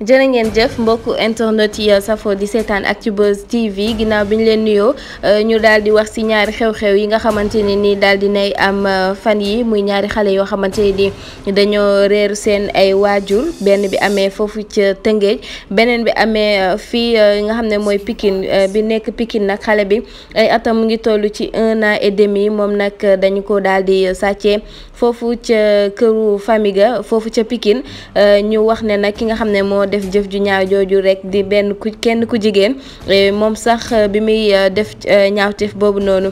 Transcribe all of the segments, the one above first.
jërë ngeen jëf mbokku internet yi euh, safo di seetaan ak ci Actubuzz TV ginnaaw bi ñu leen nuyoo euh, ñu daal di wax ci ñaari xew-xew yi nga xamante ne ni daal di nay am euh, fan yi muy ñaari xale yoo xamante ne ni dañoo reer seen ay waajur benn bi amee foofu ca Tëngéej beneen bi amee fii nga xam ne mooy Pikine bi nekk pikin nag xale bi atam mu ngi toll ci un an et moom nag dañu ko daal di sàccee foofu ca këru famille ga foofu ca Pikine ñu wax ne nag ki nga xam ne moo def jëf ju ñaaw jooju rek di benn ku kenn ku jigéen e, moom sax e, bi muy e, def ñaawteef boobu noonu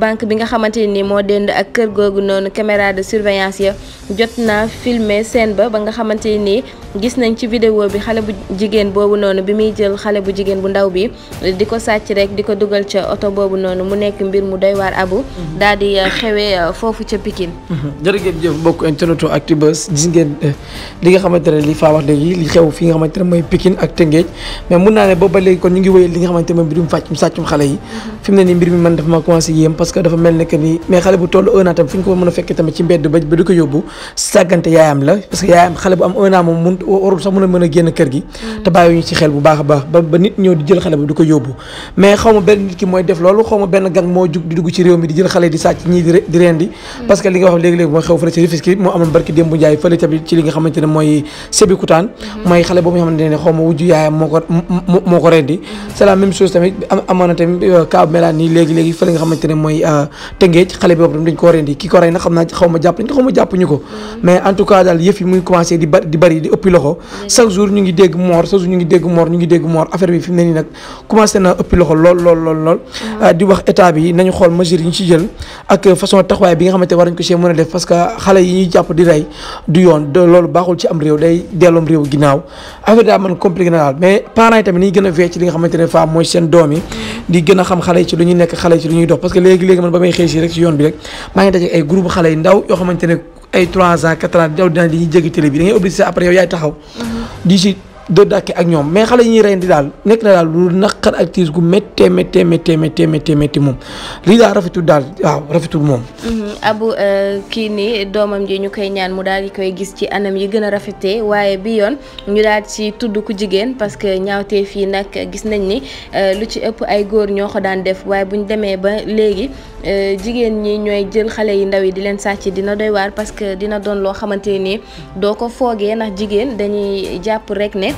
banque bi nga xamante ni moo dend ak kër googu noonu caméra de surveillance ya jot na filmer scène ba ba nga xamante ni gis nañ ci vidéo bi xale bu jigéen boobu noonu bi muy jël xale bu jigéen bu ndaw bi di ko sàcc rek di ko dugal ca oto boobu noonu mu nekk mbir mu doy waar abu mhm. daal di euh, xewee euh, foofu ca Pikine mhm. jërë ngeen jëf mbokk internetu Actubuzz gis ngeen euh, li nga xamante ne li faa wax léegi li xew fi nga xamante ne mooy Pikine ak Tëngéej mais mun naa ne booba léegi kon ñu ngi wéyal li nga xamante ne mooy mbirum sàccum xale yi mhm. fi ne nii mbir mi man dafa ma commencé yéem parce que dafa mel ne que ni mais xale bu la warul sax mën a mën a génn kër gi te bàyyiwuñu ci xel bu baax baax ba nit ñëw di jël xale bi di ko yóbbu mais xaw ma benn nit ki mooy def loolu xaw ma jàpp ñu ko mm-hmm. mais en tout cas daal yëf yi muy commencé di bari di ëpp ëppi loxo chaque jour ñu ngi dégg moor chaque jour ñu ngi dégg moor ñu ngi dégg moor affaire bi fi ne nii nag commencé na ëppi loxo lool lool lool mm-hmm. ah, di wax état bi nañu xool mesures yi ñu ci jël ak façon taxawaay bi nga xamante war a def parce que mooy seen doom mm-hmm. di gën a xam xale yi ci lu ñuy nekk xale yi ci lu ñuy dox parce que léegi-léegi man ba may xëy si rek ci yoon bi rek maa ngi daje ay groupe xale yi ndaw yoo xamante ne ay trois ans 4 ans daw dina dañuy jéggi télé bi da après yow yaay de dàkke ak ñoom mais xale yi ñuy rendi daal nekk daal lu naqar ak tiis gu méttee méttee méttee méttee méttee métti moom lii daal rafetul daal waaw rafetul moom. Mhm, abu euh, kii nii doomam yi ñu koy ñaan mu daal di koy gis ci anam yi gën a rafetee waaye bi yoon ñu daal ci tudd ku jigéen parce que ñaawtee fii nag gis nañ ni euh, lu ci ëpp ay góor ñoo ko daan def waaye bu ñu demee ba léegi euh, jigéen ñi ñooy jël xale yi ndaw yi di leen sàcc dina doy waar parce que dina doon loo xamante nii doo ko foogee nax jigéen dañuy jàpp rek ne.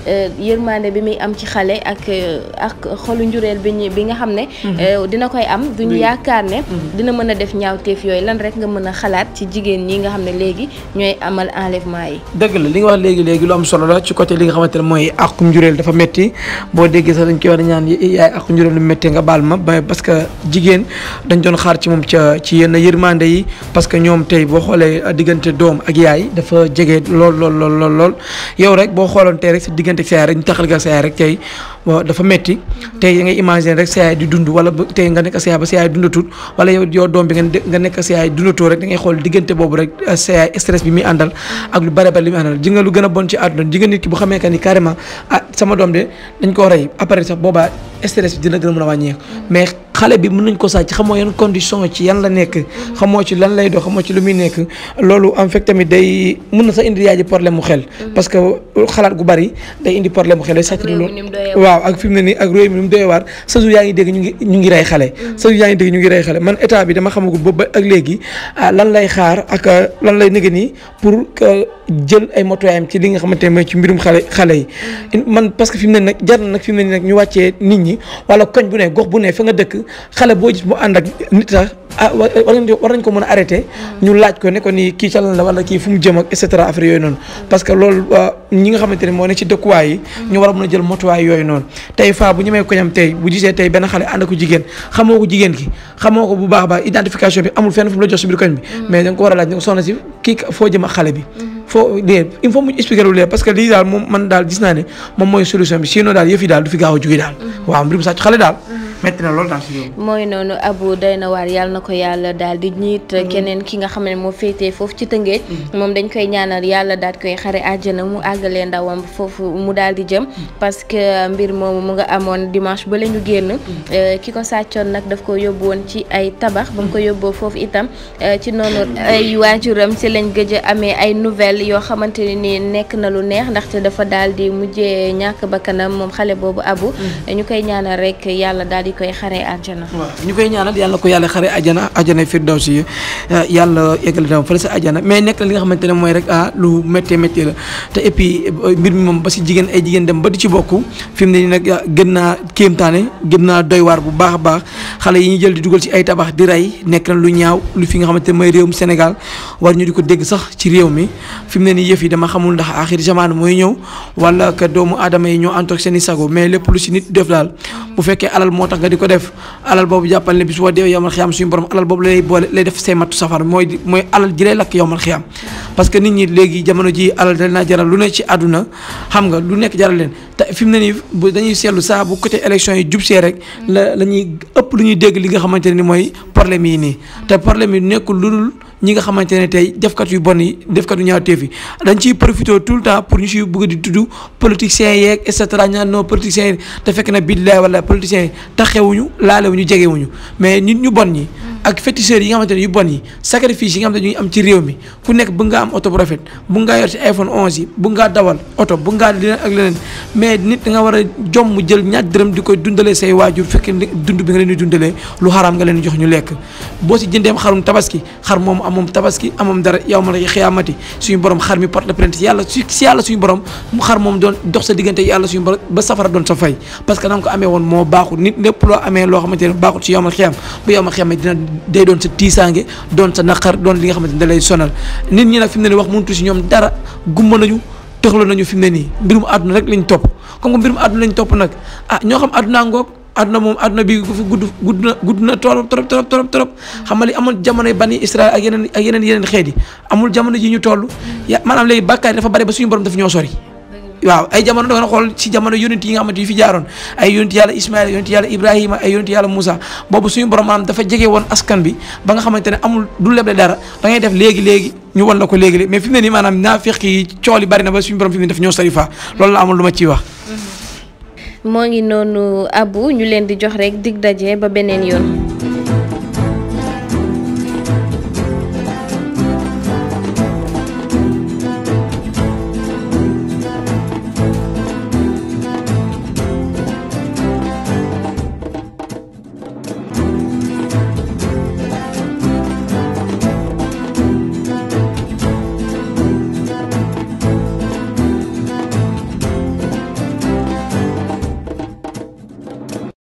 Euh, yërmande bi muy am ci xale ak euh, ak xolu njureel bi ñu bi nga xam ne. Mhm. Euh, dina koy am duñu yaakaar ne. Mhm. dina mën a def ñaawteef yooyu lan rek nga mën a xalaat ci jigéen ñi nga xam ne léegi ñooy amal enlèvement yi. dëgg la li nga wax léegi léegi lu solo la ci côté li nga xamante ne mooy àqu njureel dafa métti boo déggee sax dañ koy war ñaan yaay lu métti nga baal ma parce que jigéen dañ doon xaar ci moom ca ci yenn yërmande yi parce que ñoom tey boo xoolee diggante doom ak yaay dafa jege lool lool lool lool yow rek boo xooloon tey rek diggante ak sa yaay rek ñu taxal ko dafa metti mhm. tey da ngay imaginer rek sa yaay di dund wala yow doom bi nga nekk sa yaay dundatoo rek da xool diggante boobu rek euh, sa yaay stress bi muy àndal mhm. ak lu bare bare li muy àndal ji nga lu gën a bon ci àdduna ji nga nit ki bu xamee que ni carrément ah sama doom de dañ koo rey après sax boobaa stress bi dina gën a mën a wàññeeku mhm. mais xale bi mën nañ ko sàcc xamoo yan condition ci yan la nekk xamoo ci lan lay dox xamoo ci lu muy nekk loolu en fait tamit day mën na sax indi yaay ji mu xel parce que xalaat gu bari day indi waaw ak fi mu ne nii ak réew mi nu mu doy waar sa yaa ngi dégg ñu ngi ñu ngi rey xale mm. sa yaa ngi dégg ñu ngi rey xale man état bi dama xamagul boobu ak léegi ah, lan lay xaar ak ah, lan lay nëgë nii pour jël ay motoyaam ci li nga xamante ne mooy ci mbirum xale xale yi mm. man parce que fi mu ne nag jar na nag fi mu ne nii nag ñu wàccee nit ñi wala koñ bu ne gox bu ne fa nga dëkk xale boo gis mu ànd ak nit sax ah eh, war nañ war nañ ko mën a arrêté mm-hmm. ñu laaj ko ne ko ni kii calan la wala kii fu mu jëm ak et cetera affaire yooyu noonu mm-hmm. parce que loolu ñi nga xamante ne moo ne ci dëkkuwaay yi mm-hmm. ñu war a a jël motuwaay yooyu noonu tey fa bu ñu ko ñam tey bu gisee tey ko bu baax a baax identification bi amul fenn fu mu la jox si biir koñ bi mais da nga a laaj ne ko soxna moom mooy solution bi sinon daal yëf daal du fi gaaw a jóge daal waaw mbirum sàcc xale daal metti na lool daal si yow. mooy noonu Abou day na waar yàlla na ko yàlla daal di ñiit mm-hmm. keneen ki nga xam ne moo féetee foofu ci Tëngéej. Mm-hmm. moom dañ koy ñaanal yàlla daal koy xare àjjana mu àggalee ndawam foofu mu daal di jëm. Mm-hmm. parce que mbir moomu mu nga amoon dimanche ba la ñu génn. Euh, ki ko sàccoon nag daf ko yóbbu woon ci ay tabax. ba ko yóbboo foofu itam euh, ci noonu ay waajuram si lañ gëj amee ay nouvelles yoo xamante ni nekk na lu neex ndaxte dafa daal di mujjee ñàkk bakkanam moom xale di koy xaree àjjana. waaw ñu koy ñaanal yàlla ko yàlla xaree àjjana àjjana firdawsi yi eh, yàlla yeggali tam fële sa mais nekk li nga xamante ne mooy rek ah lu méttee méttee la te et puis eh, mbir mi moom ba si jigéen ay jigéen dem ba di ci bokk fi mu ne nii nag ah, gën naa kéemtaane gën naa doy waar bu baax a baax xale yi ñu jël di dugal ci ay tabax di rey nekk na lu ñaaw lu fi nga xamante ne mooy réewum Sénégal war ñu di ko dégg sax ci réew mi fi mu ne nii yëf yi dama xamul ndax axir jamaan mooy ñëw wala que doomu yi ñoo antoog seen i mais lépp lu si nit daal nga di ko def alal boobu jàppal ne bis boo dee yowmal xiyaam suñu borom alal boobu lay boole lay def say mattu safar mooy mooy alal ji lay lakk yowmal xiyaam parce que nit ñi léegi jamono ji alal da naa jaral lu ne ci àdduna xam nga lu nekk jaral leen te fi mu ne nii bu dañuy seetlu saa bu côté élection yi jub see rek la la ñuy ëpp lu ñuy dégg li nga xamante ne ni mooy problème yi nii te problème yi nekkul lu dul ñi nga xamante ne tey defkat yu bon yi defkat dañ ciy profité tout le temps pour ñu ciy di tudd politiciens yeeg et cetera ñaan non politiciens yi te fekk na billaay wala politiciens yi taxewuñu laalewuñu jegewuñu mais nit ñu bon ñi ak féticheurs yi nga xamante ne yu bon yi sacrifice yi nga xamante ne ñu am ci réew mi ku nekk bëgg ngaa am oto bu rafet bëgg ngaa yor ci iPhone 11 yi bëgg ngaa dawal oto bëgg ngaa leneen ak leneen mais nit da nga war a mu jël ñaar dërëm di koy dundalee say waajur fekk dund bi nga leen di dundalee lu xaraam nga leen jox ñu lekk boo si jëndeem xarum tabaski xar moom amoom tabaski amoom dara yow ma la xiyaamati suñu borom xar mi porte plainte yàlla yàlla suñu borom mu xar moom doon dox sa diggante yàlla suñu borom ba safara sa fay parce que na nga moo baaxul nit lépp loo amee loo xamante ne baaxul si yow ma xiyaam bu yow ma xamee dina day doon sa tiisaange doon sa naqar doon li nga xamante ne lay sonal nit ñi nag fi mu ne nii wax mënutu si ñoom dara gumba nañu tëxla nañu fi mu ne nii mbirum àdduna rek lañ topp comme que mbirum àdduna lañ topp nag ah ñoo xam àdduna ngoog àdduna moom àdduna bi gu gudd gudd na gudd na trop trop trop trop trop xam nga li amoon jamono bani Israël ak yeneen ak yeneen yeneen xeet yi amul jamono ji ñu toll yaa maanaam léegi bàkkaar yi dafa suñu borom daf ñoo sori waaw ay jamono da nga xool ci jamono yonent yi nga xamante yu fi jaaroon ay yonent yàlla Ismaïl yonent yàlla Ibrahima ay yonent yàlla Moussa boobu suñu borom maanaam dafa jege woon askan bi ba nga xamante ne amul du leble dara da ngay def léegi léegi ñu wan la ko léegi mais fi mu ne nii maanaam naafiq yi cool yi bari na ba suñu borom fi mu ne daf ñoo sarifa loolu la amul lu ma wax. moo ngi noonu Abou ñu leen di jox rek dig daje ba beneen yoon.